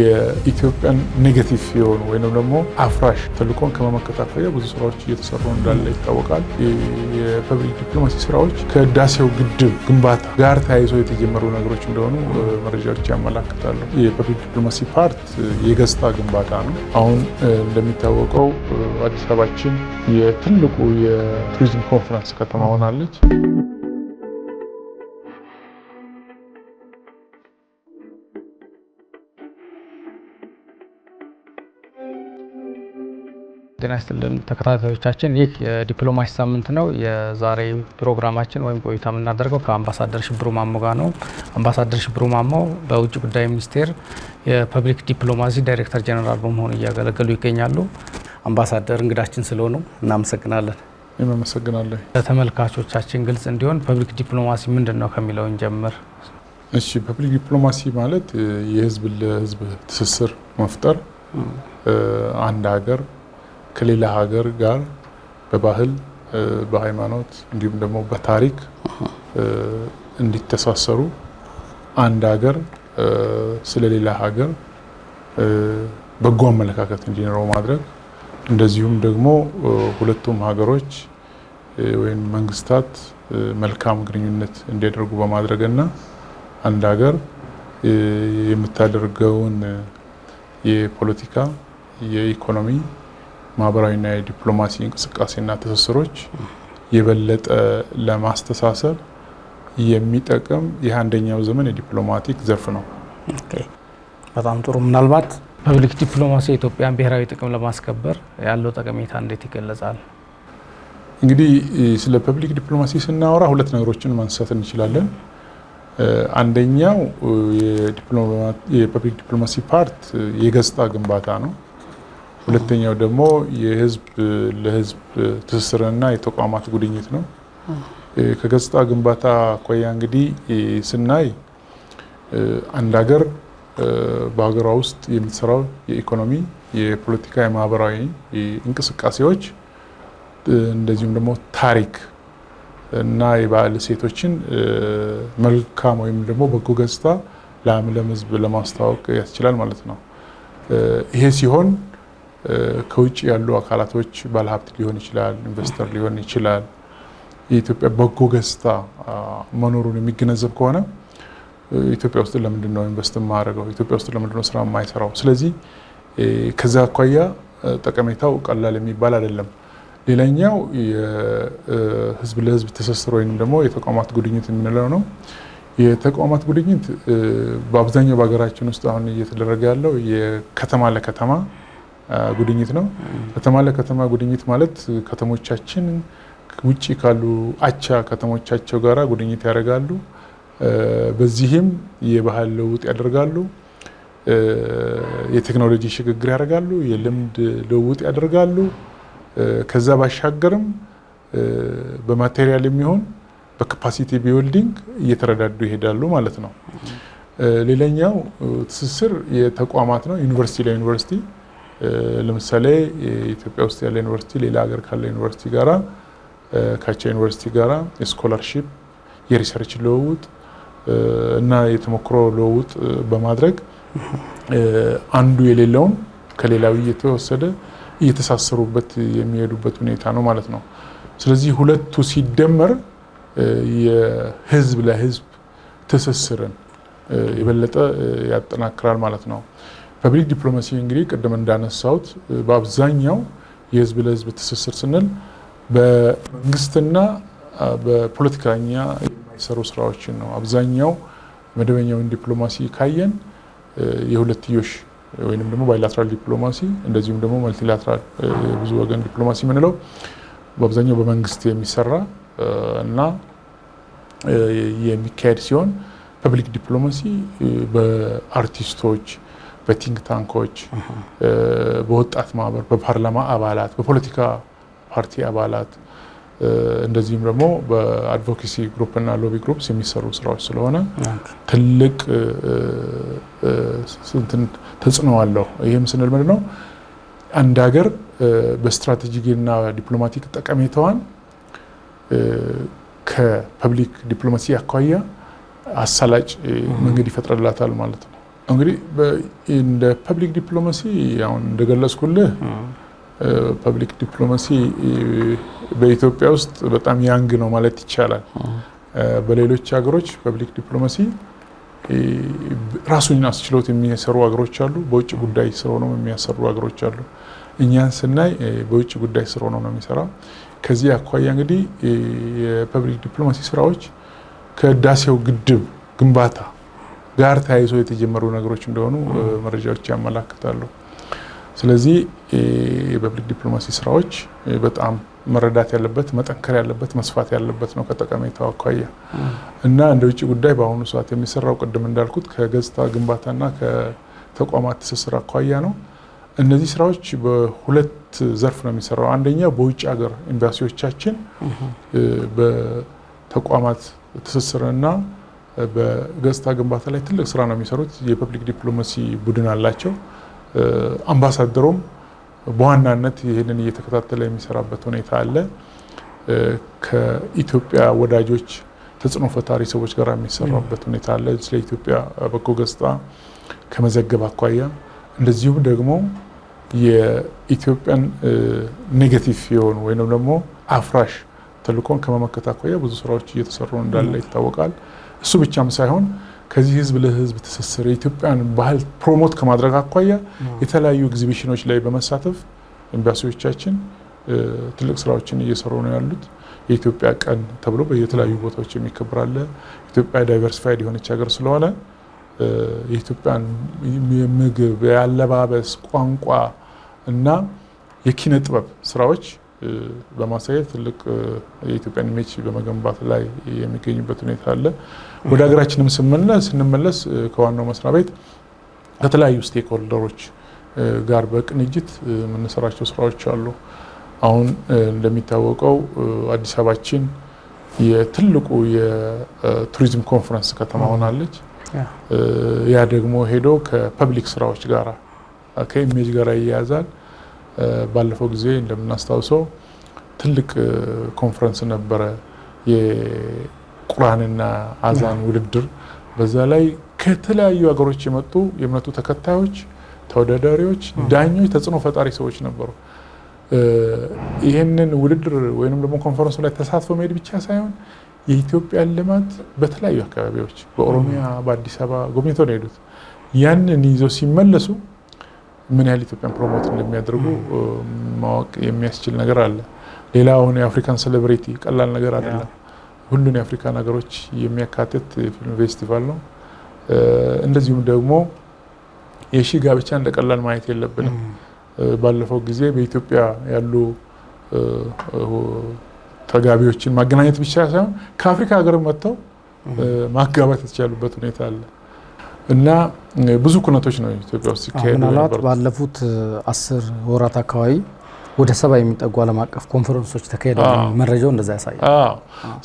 የኢትዮጵያን ኔጌቲቭ የሆኑ ወይም ደግሞ አፍራሽ ተልዕኮን ከመመከት አኳያ ብዙ ስራዎች እየተሰሩ እንዳለ ይታወቃል። የፐብሊክ ዲፕሎማሲ ስራዎች ከህዳሴው ግድብ ግንባታ ጋር ተያይዞ የተጀመሩ ነገሮች እንደሆኑ መረጃዎች ያመላክታሉ። የፐብሊክ ዲፕሎማሲ ፓርት የገጽታ ግንባታ ነው። አሁን እንደሚታወቀው አዲስ አበባችን የትልቁ የቱሪዝም ኮንፈረንስ ከተማ ሆናለች። ጤና ይስጥልን ተከታታዮቻችን፣ ይህ የዲፕሎማሲ ሳምንት ነው። የዛሬ ፕሮግራማችን ወይም ቆይታ የምናደርገው ከአምባሳደር ሽብሩ ማሞ ጋር ነው። አምባሳደር ሽብሩ ማሞ በውጭ ጉዳይ ሚኒስቴር የፐብሊክ ዲፕሎማሲ ዳይሬክተር ጀኔራል በመሆኑ እያገለገሉ ይገኛሉ። አምባሳደር እንግዳችን ስለሆኑ እናመሰግናለን። እናመሰግናለን። ለተመልካቾቻችን ግልጽ እንዲሆን ፐብሊክ ዲፕሎማሲ ምንድን ነው ከሚለውን ጀምር። እሺ፣ ፐብሊክ ዲፕሎማሲ ማለት የህዝብ ለህዝብ ትስስር መፍጠር አንድ ሀገር ከሌላ ሀገር ጋር በባህል በሃይማኖት እንዲሁም ደግሞ በታሪክ እንዲተሳሰሩ አንድ ሀገር ስለ ሌላ ሀገር በጎ አመለካከት እንዲኖረው ማድረግ እንደዚሁም ደግሞ ሁለቱም ሀገሮች ወይም መንግስታት መልካም ግንኙነት እንዲያደርጉ በማድረግ እና አንድ ሀገር የምታደርገውን የፖለቲካ፣ የኢኮኖሚ ማህበራዊና የዲፕሎማሲ እንቅስቃሴና ትስስሮች የበለጠ ለማስተሳሰብ የሚጠቅም የአንደኛው ዘመን የዲፕሎማቲክ ዘርፍ ነው። በጣም ጥሩ። ምናልባት ፐብሊክ ዲፕሎማሲ የኢትዮጵያን ብሔራዊ ጥቅም ለማስከበር ያለው ጠቀሜታ እንዴት ይገለጻል? እንግዲህ ስለ ፐብሊክ ዲፕሎማሲ ስናወራ ሁለት ነገሮችን ማንሳት እንችላለን። አንደኛው የፐብሊክ ዲፕሎማሲ ፓርት የገጽታ ግንባታ ነው። ሁለተኛው ደግሞ የህዝብ ለህዝብ ትስስርና የተቋማት ጉድኝት ነው። ከገጽታ ግንባታ አኳያ እንግዲህ ስናይ አንድ ሀገር በሀገሯ ውስጥ የምትሰራው የኢኮኖሚ፣ የፖለቲካ፣ የማህበራዊ እንቅስቃሴዎች እንደዚሁም ደግሞ ታሪክ እና የባህል እሴቶችን መልካም ወይም ደግሞ በጎ ገጽታ ለዓለም ህዝብ ለማስተዋወቅ ያስችላል ማለት ነው። ይሄ ሲሆን ከውጭ ያሉ አካላቶች ባለሀብት ሊሆን ይችላል፣ ኢንቨስተር ሊሆን ይችላል። የኢትዮጵያ በጎ ገጽታ መኖሩን የሚገነዘብ ከሆነ ኢትዮጵያ ውስጥ ለምንድን ነው ኢንቨስት የማደርገው? ኢትዮጵያ ውስጥ ለምንድን ነው ስራ የማይሰራው? ስለዚህ ከዛ አኳያ ጠቀሜታው ቀላል የሚባል አይደለም። ሌላኛው የህዝብ ለህዝብ ትስስር ወይም ደግሞ የተቋማት ጉድኝት የምንለው ነው። የተቋማት ጉድኝት በአብዛኛው በሀገራችን ውስጥ አሁን እየተደረገ ያለው የከተማ ለከተማ ጉድኝት ነው። ከተማ ለከተማ ጉድኝት ማለት ከተሞቻችን ውጭ ካሉ አቻ ከተሞቻቸው ጋር ጉድኝት ያደርጋሉ። በዚህም የባህል ለውጥ ያደርጋሉ። የቴክኖሎጂ ሽግግር ያደርጋሉ። የልምድ ልውውጥ ያደርጋሉ። ከዛ ባሻገርም በማቴሪያል የሚሆን በካፓሲቲ ቢልዲንግ እየተረዳዱ ይሄዳሉ ማለት ነው። ሌላኛው ትስስር የተቋማት ነው። ዩኒቨርሲቲ ለዩኒቨርሲቲ ለምሳሌ ኢትዮጵያ ውስጥ ያለ ዩኒቨርሲቲ ሌላ ሀገር ካለ ዩኒቨርሲቲ ጋራ ካቻ ዩኒቨርሲቲ ጋራ የስኮላርሺፕ የሪሰርች ልውውጥ እና የተሞክሮ ልውውጥ በማድረግ አንዱ የሌለውን ከሌላው እየተወሰደ እየተሳሰሩበት የሚሄዱበት ሁኔታ ነው ማለት ነው። ስለዚህ ሁለቱ ሲደመር የህዝብ ለህዝብ ትስስርን የበለጠ ያጠናክራል ማለት ነው። ፐብሊክ ዲፕሎማሲ እንግዲህ ቅድም እንዳነሳሁት በአብዛኛው የህዝብ ለህዝብ ትስስር ስንል በመንግስትና በፖለቲከኛ የማይሰሩ ስራዎችን ነው። አብዛኛው መደበኛውን ዲፕሎማሲ ካየን የሁለትዮሽ ወይንም ደግሞ ባይላትራል ዲፕሎማሲ እንደዚሁም ደግሞ መልቲላትራል ብዙ ወገን ዲፕሎማሲ የምንለው በአብዛኛው በመንግስት የሚሰራ እና የሚካሄድ ሲሆን ፐብሊክ ዲፕሎማሲ በአርቲስቶች በቲንክ ታንኮች፣ በወጣት ማህበር፣ በፓርላማ አባላት፣ በፖለቲካ ፓርቲ አባላት እንደዚሁም ደግሞ በአድቮኬሲ ግሩፕ እና ሎቢ ግሩፕስ የሚሰሩ ስራዎች ስለሆነ ትልቅ ተጽዕኖ አለው። ይህም ስንል ምንድን ነው አንድ ሀገር በስትራቴጂና ዲፕሎማቲክ ጠቀሜታዋን ከፐብሊክ ዲፕሎማሲ አኳያ አሳላጭ መንገድ ይፈጥረላታል ማለት ነው። እንግዲህ እንደ ፐብሊክ ዲፕሎማሲ አሁን እንደገለጽኩልህ ፐብሊክ ዲፕሎማሲ በኢትዮጵያ ውስጥ በጣም ያንግ ነው ማለት ይቻላል። በሌሎች ሀገሮች ፐብሊክ ዲፕሎማሲ ራሱን አስችሎት የሚሰሩ ሀገሮች አሉ። በውጭ ጉዳይ ስር ነው የሚያሰሩ ሀገሮች አሉ። እኛን ስናይ በውጭ ጉዳይ ስር ነው የሚሰራው። ከዚህ አኳያ እንግዲህ የፐብሊክ ዲፕሎማሲ ስራዎች ከህዳሴው ግድብ ግንባታ ጋር ተያይዞ የተጀመሩ ነገሮች እንደሆኑ መረጃዎች ያመላክታሉ። ስለዚህ የፐብሊክ ዲፕሎማሲ ስራዎች በጣም መረዳት ያለበት መጠንከር ያለበት መስፋት ያለበት ነው ከጠቀሜታው አኳያ እና እንደ ውጭ ጉዳይ በአሁኑ ሰዓት የሚሰራው ቅድም እንዳልኩት ከገጽታ ግንባታና ከተቋማት ትስስር አኳያ ነው። እነዚህ ስራዎች በሁለት ዘርፍ ነው የሚሰራው። አንደኛ በውጭ ሀገር ኤምባሲዎቻችን በተቋማት ትስስርና በገጽታ ግንባታ ላይ ትልቅ ስራ ነው የሚሰሩት። የፐብሊክ ዲፕሎማሲ ቡድን አላቸው። አምባሳደሩም በዋናነት ይህንን እየተከታተለ የሚሰራበት ሁኔታ አለ። ከኢትዮጵያ ወዳጆች ተጽዕኖ ፈጣሪ ሰዎች ጋር የሚሰራበት ሁኔታ አለ። ስለ ኢትዮጵያ በጎ ገጽታ ከመዘገብ አኳያ እንደዚሁም ደግሞ የኢትዮጵያን ኔጌቲቭ የሆኑ ወይም ደግሞ አፍራሽ ተልእኮን ከመመከት አኳያ ብዙ ስራዎች እየተሰሩ እንዳለ ይታወቃል። እሱ ብቻም ሳይሆን ከዚህ ህዝብ ለህዝብ ትስስር የኢትዮጵያን ባህል ፕሮሞት ከማድረግ አኳያ የተለያዩ ኤግዚቢሽኖች ላይ በመሳተፍ ኤምባሲዎቻችን ትልቅ ስራዎችን እየሰሩ ነው ያሉት። የኢትዮጵያ ቀን ተብሎ የተለያዩ ቦታዎች የሚከበር አለ። ኢትዮጵያ ዳይቨርሲፋይድ የሆነች ሀገር ስለሆነ የኢትዮጵያን ምግብ፣ የአለባበስ፣ ቋንቋ እና የኪነ ጥበብ ስራዎች በማሳየት ትልቅ የኢትዮጵያን ኢሜጅ በመገንባት ላይ የሚገኙበት ሁኔታ አለ። ወደ ሀገራችንም ስንመለስ ከዋናው መስሪያ ቤት ከተለያዩ ስቴክ ሆልደሮች ጋር በቅንጅት የምንሰራቸው ስራዎች አሉ። አሁን እንደሚታወቀው አዲስ አበባችን የትልቁ የቱሪዝም ኮንፈረንስ ከተማ ሆናለች። ያ ደግሞ ሄዶ ከፐብሊክ ስራዎች ጋር ከኢሜጅ ጋር ይያያዛል። ባለፈው ጊዜ እንደምናስታውሰው ትልቅ ኮንፈረንስ ነበረ፣ የቁርአንና አዛን ውድድር። በዛ ላይ ከተለያዩ ሀገሮች የመጡ የእምነቱ ተከታዮች፣ ተወዳዳሪዎች፣ ዳኞች፣ ተጽዕኖ ፈጣሪ ሰዎች ነበሩ። ይህንን ውድድር ወይንም ደግሞ ኮንፈረንሱ ላይ ተሳትፎ መሄድ ብቻ ሳይሆን የኢትዮጵያን ልማት በተለያዩ አካባቢዎች በኦሮሚያ፣ በአዲስ አበባ ጎብኝተው ነው የሄዱት። ያንን ይዘው ሲመለሱ ምን ያህል ኢትዮጵያን ፕሮሞት እንደሚያደርጉ ማወቅ የሚያስችል ነገር አለ። ሌላ አሁን የአፍሪካን ሴሌብሪቲ ቀላል ነገር አይደለም። ሁሉን የአፍሪካን ሀገሮች የሚያካትት የፊልም ፌስቲቫል ነው። እንደዚሁም ደግሞ የሺ ጋብቻ እንደ ቀላል ማየት የለብንም። ባለፈው ጊዜ በኢትዮጵያ ያሉ ተጋቢዎችን ማገናኘት ብቻ ሳይሆን ከአፍሪካ ሀገር መጥተው ማጋባት የተቻሉበት ሁኔታ አለ። እና ብዙ ኩነቶች ነው ኢትዮጵያ ውስጥ ሲካሄዱ ምናልባት ባለፉት አስር ወራት አካባቢ ወደ ሰባ የሚጠጉ ዓለም አቀፍ ኮንፈረንሶች ተካሂደዋል። መረጃው እንደዛ ያሳያል።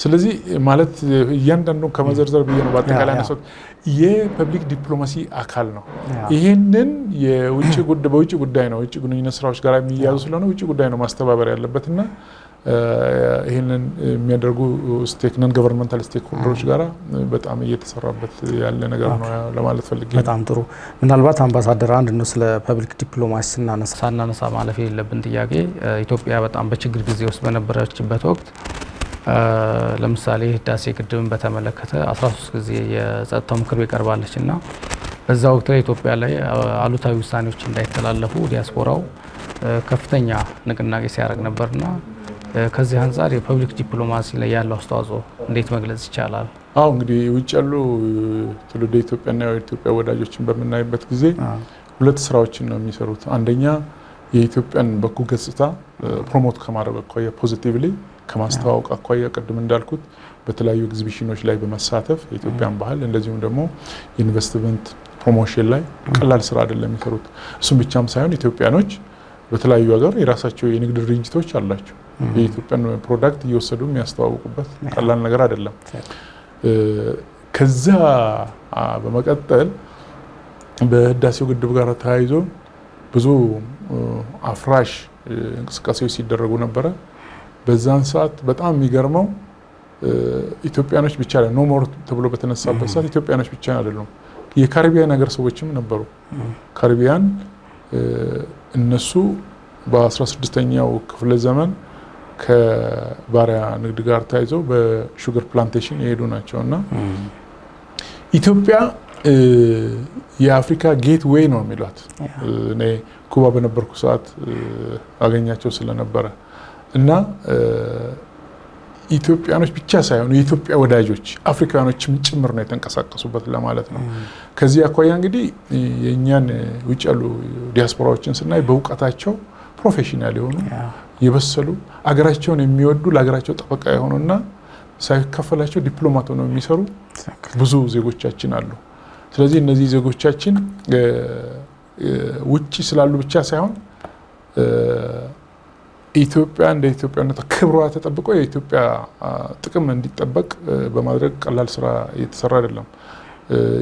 ስለዚህ ማለት እያንዳንዱ ከመዘርዘር ብዬ ነው በአጠቃላይ ነሰት የፐብሊክ ዲፕሎማሲ አካል ነው። ይህንን በውጭ ጉዳይ ነው ውጭ ግንኙነት ስራዎች ጋር የሚያያዙ ስለሆነ ውጭ ጉዳይ ነው ማስተባበር ያለበትና ይህንን የሚያደርጉ ስቴክነን ገቨርንመንታል ስቴክ ሆልደሮች ጋር በጣም እየተሰራበት ያለ ነገር ነው ለማለት ፈልጌ። በጣም ጥሩ። ምናልባት አምባሳደር አንድ ነው ስለ ፐብሊክ ዲፕሎማሲ ስናነሳ ሳናነሳ ማለፍ የለብን ጥያቄ ኢትዮጵያ በጣም በችግር ጊዜ ውስጥ በነበረችበት ወቅት ለምሳሌ ህዳሴ ግድብን በተመለከተ 13 ጊዜ የጸጥታው ምክር ቤት ቀርባለች እና በዛ ወቅት ላይ ኢትዮጵያ ላይ አሉታዊ ውሳኔዎች እንዳይተላለፉ ዲያስፖራው ከፍተኛ ንቅናቄ ሲያደርግ ነበርና ከዚህ አንጻር የፐብሊክ ዲፕሎማሲ ላይ ያለው አስተዋጽኦ እንዴት መግለጽ ይቻላል? አሁ እንግዲህ ውጭ ያሉ ትውልደ ኢትዮጵያና የኢትዮጵያ ወዳጆችን በምናይበት ጊዜ ሁለት ስራዎችን ነው የሚሰሩት። አንደኛ የኢትዮጵያን በጎ ገጽታ ፕሮሞት ከማድረግ አኳያ ፖዚቲቭሊ ከማስተዋወቅ አኳያ ቅድም እንዳልኩት በተለያዩ ኤግዚቢሽኖች ላይ በመሳተፍ የኢትዮጵያን ባህል እንደዚሁም ደግሞ ኢንቨስትመንት ፕሮሞሽን ላይ ቀላል ስራ አይደለም የሚሰሩት። እሱም ብቻም ሳይሆን ኢትዮጵያኖች በተለያዩ ሀገር የራሳቸው የንግድ ድርጅቶች አላቸው። የኢትዮጵያን ፕሮዳክት እየወሰዱ የሚያስተዋውቁበት ቀላል ነገር አይደለም። ከዛ በመቀጠል በህዳሴው ግድብ ጋር ተያይዞ ብዙ አፍራሽ እንቅስቃሴዎች ሲደረጉ ነበረ። በዛን ሰዓት በጣም የሚገርመው ኢትዮጵያኖች ብቻ ኖ ሞር ተብሎ በተነሳበት ሰዓት ኢትዮጵያኖች ብቻ አይደሉም፣ የካሪቢያን ሀገር ሰዎችም ነበሩ። ካሪቢያን እነሱ በ16ኛው ክፍለ ዘመን ከባሪያ ንግድ ጋር ተያይዘው በሹገር ፕላንቴሽን የሄዱ ናቸው እና ኢትዮጵያ የአፍሪካ ጌት ዌይ ነው የሚሏት። እኔ ኩባ በነበርኩ ሰዓት አገኛቸው ስለነበረ እና ኢትዮጵያኖች ብቻ ሳይሆኑ የኢትዮጵያ ወዳጆች አፍሪካኖችም ጭምር ነው የተንቀሳቀሱበት ለማለት ነው። ከዚህ አኳያ እንግዲህ የእኛን ውጭ ያሉ ዲያስፖራዎችን ስናይ በእውቀታቸው ፕሮፌሽናል የሆኑ የበሰሉ አገራቸውን የሚወዱ ለሀገራቸው ጠበቃ የሆኑና ሳይከፈላቸው ዲፕሎማት ሆነው የሚሰሩ ብዙ ዜጎቻችን አሉ። ስለዚህ እነዚህ ዜጎቻችን ውጭ ስላሉ ብቻ ሳይሆን ኢትዮጵያ እንደ ኢትዮጵያነት ክብሯ ተጠብቆ የኢትዮጵያ ጥቅም እንዲጠበቅ በማድረግ ቀላል ስራ እየተሰራ አይደለም።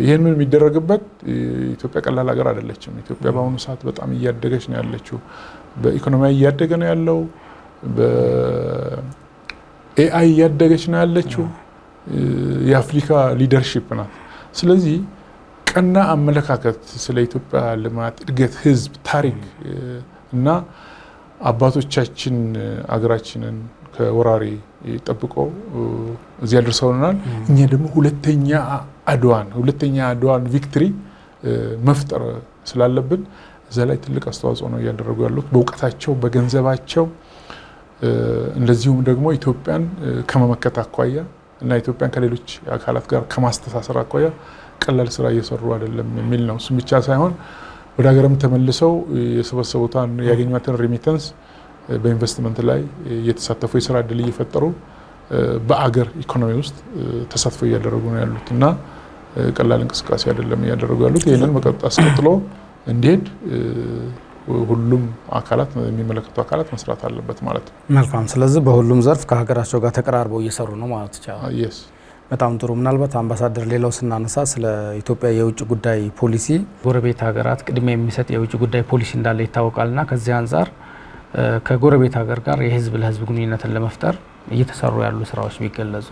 ይህን የሚደረግበት ኢትዮጵያ ቀላል ሀገር አይደለችም። ኢትዮጵያ በአሁኑ ሰዓት በጣም እያደገች ነው ያለችው። በኢኮኖሚያ እያደገ ነው ያለው። በኤአይ እያደገች ነው ያለችው። የአፍሪካ ሊደርሺፕ ናት። ስለዚህ ቀና አመለካከት ስለ ኢትዮጵያ ልማት፣ እድገት፣ ህዝብ፣ ታሪክ እና አባቶቻችን አገራችንን ከወራሪ ጠብቆ እዚህ አድርሰውናል። እኛ ደግሞ ሁለተኛ አድዋን ሁለተኛ አድዋን ቪክትሪ መፍጠር ስላለብን እዛ ላይ ትልቅ አስተዋጽኦ ነው እያደረጉ ያሉት በእውቀታቸው፣ በገንዘባቸው እንደዚሁም ደግሞ ኢትዮጵያን ከመመከት አኳያ እና ኢትዮጵያን ከሌሎች አካላት ጋር ከማስተሳሰር አኳያ ቀላል ስራ እየሰሩ አይደለም የሚል ነው። እሱም ብቻ ሳይሆን ወደ ሀገርም ተመልሰው የሰበሰቡትን ያገኟትን ሪሚተንስ በኢንቨስትመንት ላይ እየተሳተፉ የስራ እድል እየፈጠሩ በአገር ኢኮኖሚ ውስጥ ተሳትፎ እያደረጉ ነው ያሉት እና ቀላል እንቅስቃሴ አይደለም እያደረጉ ያሉት። ይህንን መቀጥ አስቀጥሎ እንዲሄድ ሁሉም አካላት የሚመለከቱ አካላት መስራት አለበት ማለት ነው። መልካም። ስለዚህ በሁሉም ዘርፍ ከሀገራቸው ጋር ተቀራርበው እየሰሩ ነው ማለት ይቻላል። በጣም ጥሩ። ምናልባት አምባሳደር፣ ሌላው ስናነሳ ስለ ኢትዮጵያ የውጭ ጉዳይ ፖሊሲ ጎረቤት ሀገራት ቅድሚያ የሚሰጥ የውጭ ጉዳይ ፖሊሲ እንዳለ ይታወቃል ና ከዚህ አንጻር ከጎረቤት ሀገር ጋር የህዝብ ለህዝብ ግንኙነትን ለመፍጠር እየተሰሩ ያሉ ስራዎች ቢገለጹ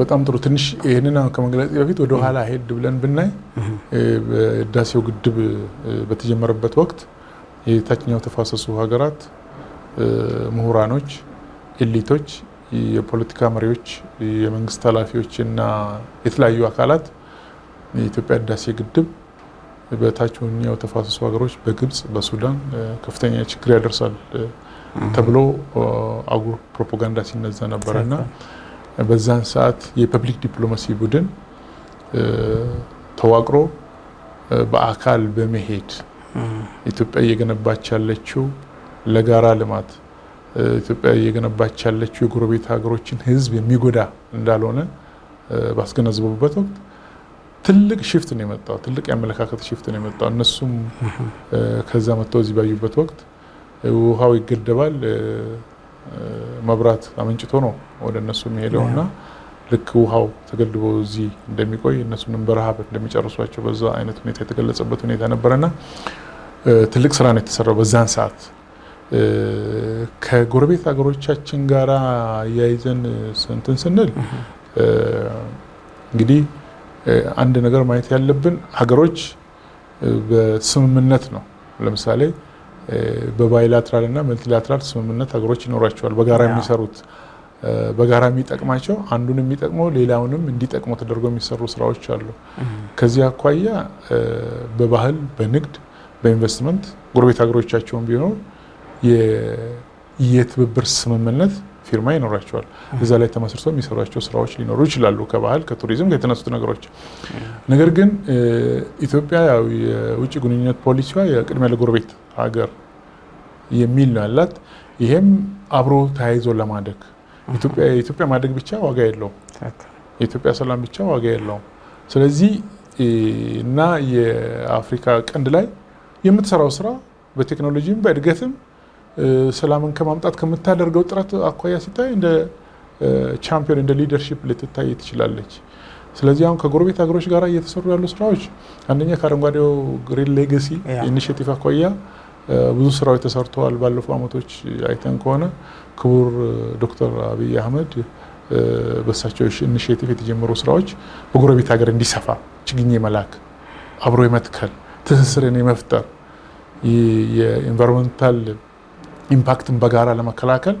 በጣም ጥሩ። ትንሽ ይህንን ከመግለጽ በፊት ወደ ኋላ ሄድ ብለን ብናይ በህዳሴው ግድብ በተጀመረበት ወቅት የታችኛው ተፋሰሱ ሀገራት ምሁራኖች፣ ኤሊቶች፣ የፖለቲካ መሪዎች፣ የመንግስት ኃላፊዎች እና የተለያዩ አካላት የኢትዮጵያ ህዳሴ ግድብ በታችኛው ተፋሰሱ ሀገሮች በግብጽ፣ በሱዳን ከፍተኛ ችግር ያደርሳል ተብሎ አጉር ፕሮፓጋንዳ ሲነዛ ነበረ በዛን ሰዓት የፐብሊክ ዲፕሎማሲ ቡድን ተዋቅሮ በአካል በመሄድ ኢትዮጵያ እየገነባች ያለችው ለጋራ ልማት ኢትዮጵያ እየገነባች ያለችው የጎረቤት ሀገሮችን ሕዝብ የሚጎዳ እንዳልሆነ ባስገነዘቡበት ወቅት ትልቅ ሽፍት ነው የመጣው። ትልቅ የአመለካከት ሽፍት ነው የመጣው። እነሱም ከዛ መጥተው እዚህ ባዩበት ወቅት ውሃው ይገደባል መብራት አመንጭቶ ነው ወደ እነሱ የሚሄደው እና ልክ ውሃው ተገልቦ እዚህ እንደሚቆይ እነሱንም በረሃብ እንደሚጨርሷቸው በዛ አይነት ሁኔታ የተገለጸበት ሁኔታ ነበረና ትልቅ ስራ ነው የተሰራው በዛን ሰዓት። ከጎረቤት ሀገሮቻችን ጋር ያይዘን ስንትን ስንል እንግዲህ አንድ ነገር ማየት ያለብን ሀገሮች በስምምነት ነው። ለምሳሌ በባይላትራል እና መልቲላትራል ስምምነት ሀገሮች ይኖራቸዋል። በጋራ የሚሰሩት በጋራ የሚጠቅማቸው አንዱን የሚጠቅመው ሌላውንም እንዲጠቅመው ተደርጎ የሚሰሩ ስራዎች አሉ። ከዚህ አኳያ በባህል፣ በንግድ፣ በኢንቨስትመንት ጎረቤት ሀገሮቻቸውን ቢሆኑ የትብብር ስምምነት ፊርማ ይኖራቸዋል። እዛ ላይ ተመስርተው የሚሰሯቸው ስራዎች ሊኖሩ ይችላሉ። ከባህል ከቱሪዝም የተነሱት ነገሮች ነገር ግን ኢትዮጵያ ያው የውጭ ግንኙነት ፖሊሲዋ የቅድሚያ ለጎረቤት ሀገር የሚል ነው ያላት። ይሄም አብሮ ተያይዞ ለማደግ የኢትዮጵያ ማደግ ብቻ ዋጋ የለውም። የኢትዮጵያ ሰላም ብቻ ዋጋ የለውም። ስለዚህ እና የአፍሪካ ቀንድ ላይ የምትሰራው ስራ በቴክኖሎጂም በእድገትም ሰላምን ከማምጣት ከምታደርገው ጥረት አኳያ ሲታይ እንደ ቻምፒዮን እንደ ሊደርሺፕ ልትታይ ትችላለች። ስለዚህ አሁን ከጎረቤት ሀገሮች ጋር እየተሰሩ ያሉ ስራዎች አንደኛ ከአረንጓዴው ግሪን ሌገሲ ኢኒሽቲቭ አኳያ ብዙ ስራዎች ተሰርተዋል። ባለፉ አመቶች አይተን ከሆነ ክቡር ዶክተር አብይ አህመድ በሳቸው ኢኒሽቲቭ የተጀመሩ ስራዎች በጎረቤት ሀገር እንዲሰፋ ችግኝ የመላክ አብሮ የመትከል ትስስርን የመፍጠር የኢንቫይሮንመንታል ኢምፓክትን በጋራ ለመከላከል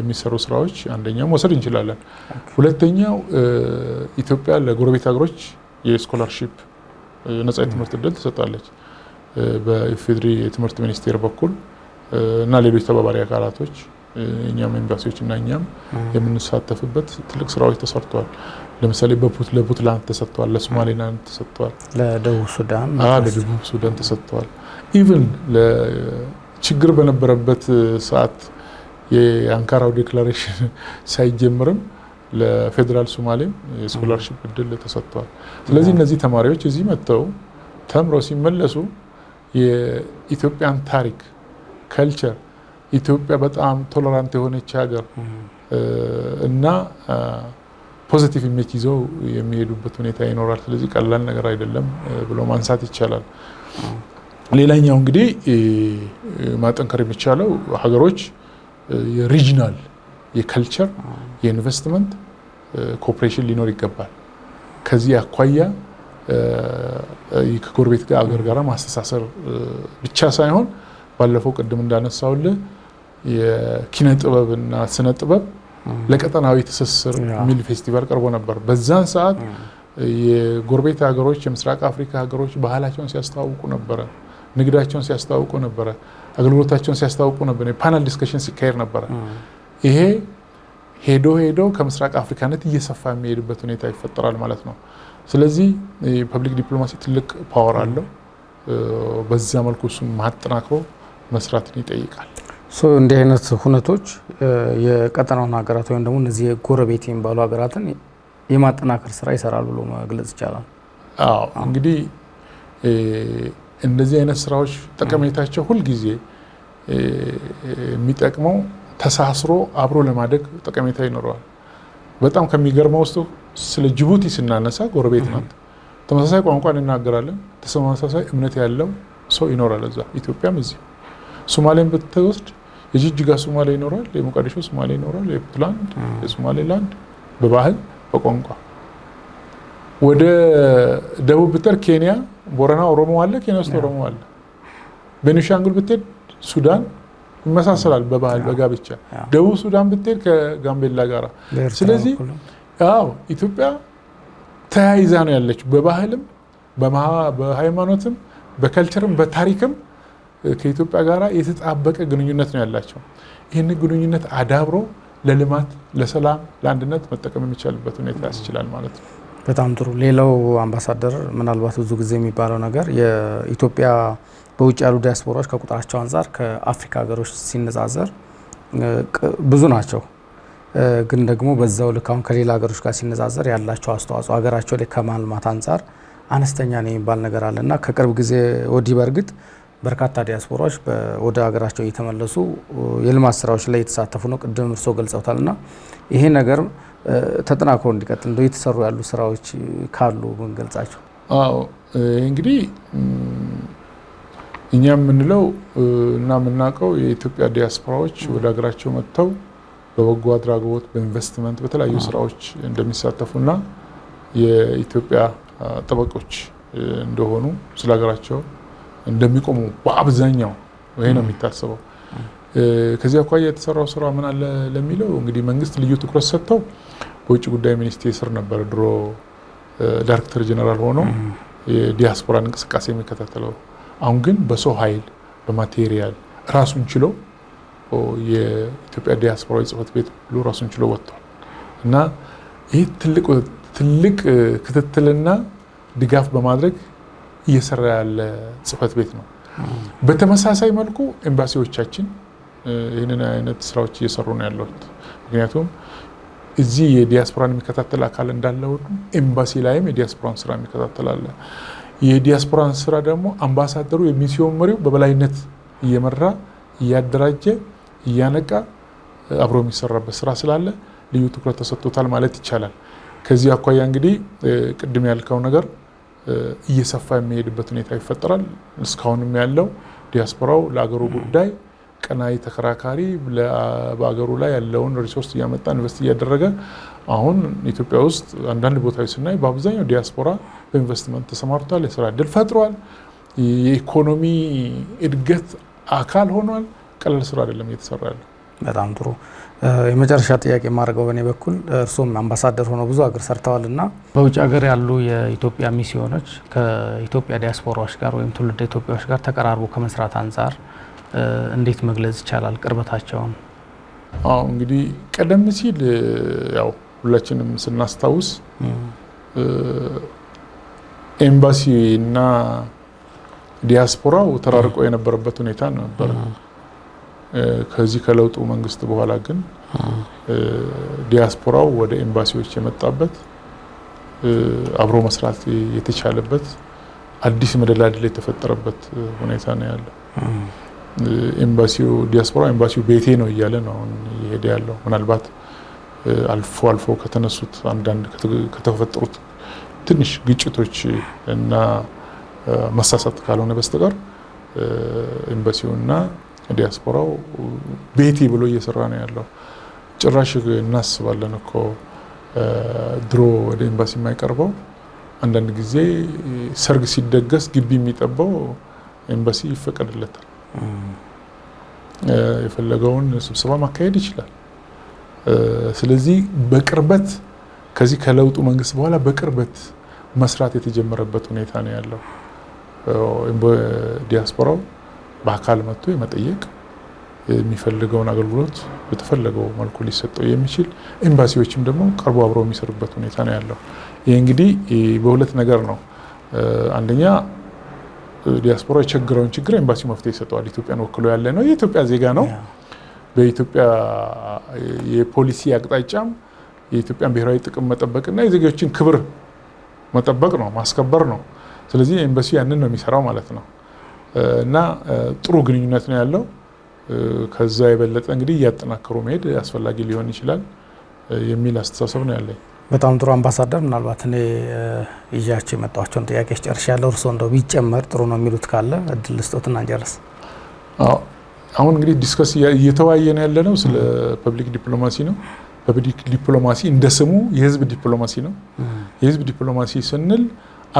የሚሰሩ ስራዎች አንደኛው መውሰድ እንችላለን። ሁለተኛው ኢትዮጵያ ለጎረቤት ሀገሮች የስኮላርሺፕ ነጻ የትምህርት እድል ትሰጣለች። በኢፌድሪ የትምህርት ሚኒስቴር በኩል እና ሌሎች ተባባሪ አካላቶች እኛም ኤምባሲዎች እና እኛም የምንሳተፍበት ትልቅ ስራዎች ተሰርተዋል። ለምሳሌ ለቡትላንት ተሰጥተዋል፣ ለሶማሌላንድ ተሰጥተዋል፣ ለደቡብ ሱዳን ተሰጥተዋል። ኢቨን ችግር በነበረበት ሰዓት የአንካራው ዴክላሬሽን ሳይጀምርም ለፌዴራል ሶማሌም የስኮላርሽፕ እድል ተሰጥቷል። ስለዚህ እነዚህ ተማሪዎች እዚህ መጥተው ተምረው ሲመለሱ የኢትዮጵያን ታሪክ፣ ከልቸር ኢትዮጵያ በጣም ቶለራንት የሆነች ሀገር እና ፖዚቲቭ ኢሜጅ ይዘው የሚሄዱበት ሁኔታ ይኖራል። ስለዚህ ቀላል ነገር አይደለም ብሎ ማንሳት ይቻላል። ሌላኛው እንግዲህ ማጠንከር የሚቻለው ሀገሮች የሪጅናል የከልቸር የኢንቨስትመንት ኮኦፕሬሽን ሊኖር ይገባል። ከዚህ አኳያ ከጎረቤት ጋር አገር ጋር ማስተሳሰር ብቻ ሳይሆን ባለፈው ቅድም እንዳነሳውልህ የኪነ ጥበብና ስነ ጥበብ ለቀጠናዊ ትስስር የሚል ፌስቲቫል ቀርቦ ነበር። በዛን ሰዓት የጎረቤት ሀገሮች የምስራቅ አፍሪካ ሀገሮች ባህላቸውን ሲያስተዋውቁ ነበረ። ንግዳቸውን ሲያስተዋውቁ ነበረ፣ አገልግሎታቸውን ሲያስተዋውቁ ነበር፣ የፓናል ዲስከሽን ሲካሄድ ነበረ። ይሄ ሄዶ ሄዶ ከምስራቅ አፍሪካነት እየሰፋ የሚሄድበት ሁኔታ ይፈጠራል ማለት ነው። ስለዚህ የፐብሊክ ዲፕሎማሲ ትልቅ ፓወር አለው። በዛ መልኩ እሱም ማጠናክሮ መስራትን ይጠይቃል። እንዲህ አይነት ሁነቶች የቀጠናውን ሀገራት ወይም ደግሞ እነዚህ የጎረቤት የሚባሉ ሀገራትን የማጠናከር ስራ ይሰራል ብሎ መግለጽ ይቻላል። እንግዲህ እንደዚህ አይነት ስራዎች ጠቀሜታቸው ሁልጊዜ የሚጠቅመው ተሳስሮ አብሮ ለማደግ ጠቀሜታ ይኖረዋል። በጣም ከሚገርመው ውስጥ ስለ ጅቡቲ ስናነሳ ጎረቤት ናት። ተመሳሳይ ቋንቋ እንናገራለን። ተመሳሳይ እምነት ያለው ሰው ይኖራል እዛ። ኢትዮጵያም እዚህ ሶማሌን ብትወስድ የጅጅጋ ሶማሌ ይኖራል፣ የሞቃዲሾ ሶማሌ ይኖራል፣ የፑንትላንድ፣ የሶማሌላንድ በባህል በቋንቋ። ወደ ደቡብ ብትር ኬንያ ቦረና ኦሮሞ አለ፣ ኬንያ ውስጥ ኦሮሞ አለ። በኒሻንጉል ብትሄድ ሱዳን ይመሳሰላል በባህል በጋብቻ። ደቡብ ሱዳን ብትሄድ ከጋምቤላ ጋር። ስለዚህ አዎ ኢትዮጵያ ተያይዛ ነው ያለች በባህልም በሃይማኖትም በከልቸርም በታሪክም ከኢትዮጵያ ጋር የተጣበቀ ግንኙነት ነው ያላቸው። ይህን ግንኙነት አዳብሮ ለልማት፣ ለሰላም፣ ለአንድነት መጠቀም የሚቻልበት ሁኔታ ያስችላል ማለት ነው። በጣም ጥሩ። ሌላው አምባሳደር ምናልባት ብዙ ጊዜ የሚባለው ነገር የኢትዮጵያ በውጭ ያሉ ዲያስፖራዎች ከቁጥራቸው አንጻር ከአፍሪካ ሀገሮች ሲነጻዘር ብዙ ናቸው። ግን ደግሞ በዛው ልክ አሁን ከሌላ ሀገሮች ጋር ሲነጻዘር ያላቸው አስተዋጽኦ ሀገራቸው ላይ ከማልማት አንጻር አነስተኛ ነው የሚባል ነገር አለ እና ከቅርብ ጊዜ ወዲህ በእርግጥ በርካታ ዲያስፖራዎች ወደ ሀገራቸው እየተመለሱ የልማት ስራዎች ላይ የተሳተፉ ነው። ቅድም እርስዎ ገልጸውታል እና ይሄ ነገር ተጠናክሮ እንዲቀጥል እንደው የተሰሩ ያሉ ስራዎች ካሉ ምንገልጻቸው? አዎ እንግዲህ እኛ የምንለው እና የምናውቀው የኢትዮጵያ ዲያስፖራዎች ወደ ሀገራቸው መጥተው በበጎ አድራጎት፣ በኢንቨስትመንት፣ በተለያዩ ስራዎች እንደሚሳተፉና የኢትዮጵያ ጠበቆች እንደሆኑ ስለ ሀገራቸው እንደሚቆሙ በአብዛኛው ይሄ ነው የሚታሰበው። ከዚህ አኳያ የተሰራው ስራ ምን አለ ለሚለው እንግዲህ መንግስት ልዩ ትኩረት ሰጥተው በውጭ ጉዳይ ሚኒስቴር ስር ነበር ድሮ ዳይሬክተር ጀነራል ሆኖ የዲያስፖራ እንቅስቃሴ የሚከታተለው። አሁን ግን በሰው ኃይል በማቴሪያል ራሱን ችሎ የኢትዮጵያ ዲያስፖራዊ ጽህፈት ቤት ብሎ ራሱን ችሎ ወጥቷል እና ይህ ትልቅ ክትትልና ድጋፍ በማድረግ እየሰራ ያለ ጽህፈት ቤት ነው። በተመሳሳይ መልኩ ኤምባሲዎቻችን ይህንን አይነት ስራዎች እየሰሩ ነው ያለሁት ምክንያቱም እዚህ የዲያስፖራን የሚከታተል አካል እንዳለ ሁሉ ኤምባሲ ላይም የዲያስፖራን ስራ የሚከታተል አለ። የዲያስፖራን ስራ ደግሞ አምባሳደሩ የሚሲዮን መሪው በበላይነት እየመራ እያደራጀ እያነቃ አብሮ የሚሰራበት ስራ ስላለ ልዩ ትኩረት ተሰጥቶታል ማለት ይቻላል። ከዚህ አኳያ እንግዲህ ቅድም ያልከው ነገር እየሰፋ የሚሄድበት ሁኔታ ይፈጠራል። እስካሁንም ያለው ዲያስፖራው ለአገሩ ጉዳይ ቀናይ ተከራካሪ በሀገሩ ላይ ያለውን ሪሶርስ እያመጣ ኢንቨስት እያደረገ አሁን ኢትዮጵያ ውስጥ አንዳንድ ቦታዎች ስናይ በአብዛኛው ዲያስፖራ በኢንቨስትመንት ተሰማርቷል፣ የስራ እድል ፈጥሯል፣ የኢኮኖሚ እድገት አካል ሆኗል። ቀለል ስራ አይደለም እየተሰራ ያለ። በጣም ጥሩ። የመጨረሻ ጥያቄ የማደርገው በእኔ በኩል እርሶም አምባሳደር ሆነው ብዙ ሀገር ሰርተዋል እና በውጭ ሀገር ያሉ የኢትዮጵያ ሚስዮኖች ከኢትዮጵያ ዲያስፖራዎች ጋር ወይም ትውልድ ኢትዮጵያዎች ጋር ተቀራርቦ ከመስራት አንጻር እንዴት መግለጽ ይቻላል ቅርበታቸውን? አዎ እንግዲህ ቀደም ሲል ያው ሁላችንም ስናስታውስ ኤምባሲ እና ዲያስፖራው ተራርቆ የነበረበት ሁኔታ ነበር። ከዚህ ከለውጡ መንግስት በኋላ ግን ዲያስፖራው ወደ ኤምባሲዎች የመጣበት አብሮ መስራት የተቻለበት አዲስ መደላድል የተፈጠረበት ሁኔታ ነው ያለው። ኤምባሲው ዲያስፖራ ኤምባሲው ቤቴ ነው እያለ ነው እየሄደ ያለው። ምናልባት አልፎ አልፎ ከተነሱት አንዳንድ ከተፈጠሩት ትንሽ ግጭቶች እና መሳሳት ካልሆነ በስተቀር ኤምባሲውና ዲያስፖራው ቤቴ ብሎ እየሰራ ነው ያለው። ጭራሽ እናስባለን እኮ ድሮ ወደ ኤምባሲ የማይቀርበው አንዳንድ ጊዜ ሰርግ ሲደገስ ግቢ የሚጠባው ኤምባሲ ይፈቀድለታል። የፈለገውን ስብሰባ ማካሄድ ይችላል። ስለዚህ በቅርበት ከዚህ ከለውጡ መንግስት በኋላ በቅርበት መስራት የተጀመረበት ሁኔታ ነው ያለው። ዲያስፖራው በአካል መጥቶ የመጠየቅ የሚፈልገውን አገልግሎት በተፈለገው መልኩ ሊሰጠው የሚችል ኤምባሲዎችም ደግሞ ቀርቦ አብረው የሚሰሩበት ሁኔታ ነው ያለው። ይህ እንግዲህ በሁለት ነገር ነው። አንደኛ ዲያስፖራ የቸገረውን ችግር ኤምባሲው መፍትሄ ይሰጠዋል። ኢትዮጵያን ወክሎ ያለ ነው። የኢትዮጵያ ዜጋ ነው። በኢትዮጵያ የፖሊሲ አቅጣጫም የኢትዮጵያን ብሔራዊ ጥቅም መጠበቅና የዜጋዎችን ክብር መጠበቅ ነው፣ ማስከበር ነው። ስለዚህ ኤምባሲው ያንን ነው የሚሰራው ማለት ነው። እና ጥሩ ግንኙነት ነው ያለው። ከዛ የበለጠ እንግዲህ እያጠናከሩ መሄድ አስፈላጊ ሊሆን ይችላል የሚል አስተሳሰብ ነው ያለኝ። በጣም ጥሩ አምባሳደር፣ ምናልባት እኔ ይዣቸው የመጣቸውን ጥያቄዎች ጨርሻለሁ። እርስዎ እንደው ቢጨመር ጥሩ ነው የሚሉት ካለ እድል ልስጦትና እንጨርስ። አሁን እንግዲህ ዲስከስ እየተወያየን ያለ ነው ስለ ፐብሊክ ዲፕሎማሲ ነው። ፐብሊክ ዲፕሎማሲ እንደ ስሙ የህዝብ ዲፕሎማሲ ነው። የህዝብ ዲፕሎማሲ ስንል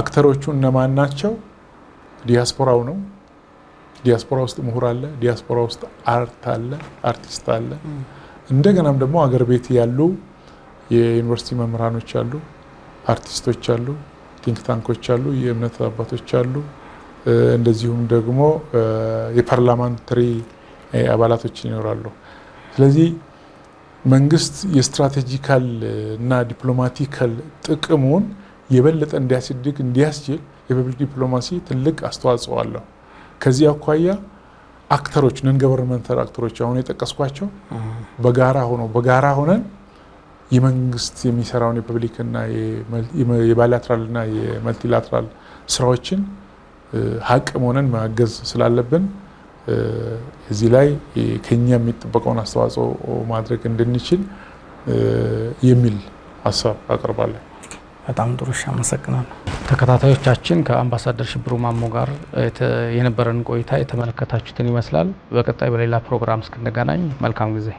አክተሮቹ እነማን ናቸው? ዲያስፖራው ነው። ዲያስፖራ ውስጥ ምሁር አለ፣ ዲያስፖራ ውስጥ አርት አለ፣ አርቲስት አለ። እንደገናም ደግሞ አገር ቤት ያሉ የዩኒቨርሲቲ መምህራኖች አሉ፣ አርቲስቶች አሉ፣ ቲንክ ታንኮች አሉ፣ የእምነት አባቶች አሉ። እንደዚሁም ደግሞ የፓርላማንትሪ አባላቶችን ይኖራሉ። ስለዚህ መንግስት የስትራቴጂካል እና ዲፕሎማቲካል ጥቅሙን የበለጠ እንዲያስድግ እንዲያስችል የፐብሊክ ዲፕሎማሲ ትልቅ አስተዋጽኦ አለው። ከዚህ አኳያ አክተሮች ነን ገቨርንመንታል አክተሮች አሁን የጠቀስኳቸው በጋራ ሆኖ በጋራ ሆነን የመንግስት የሚሰራውን የፐብሊክና የባይላትራልና የመልቲላትራል ስራዎችን ሀቅ መሆነን ማገዝ ስላለብን እዚህ ላይ ከኛ የሚጠበቀውን አስተዋጽኦ ማድረግ እንድንችል የሚል ሀሳብ አቀርባለሁ። በጣም ጥሩ እሺ፣ አመሰግናለሁ። ተከታታዮቻችን ከአምባሳደር ሽብሩ ማሞ ጋር የነበረን ቆይታ የተመለከታችሁትን ይመስላል። በቀጣይ በሌላ ፕሮግራም እስክንገናኝ መልካም ጊዜ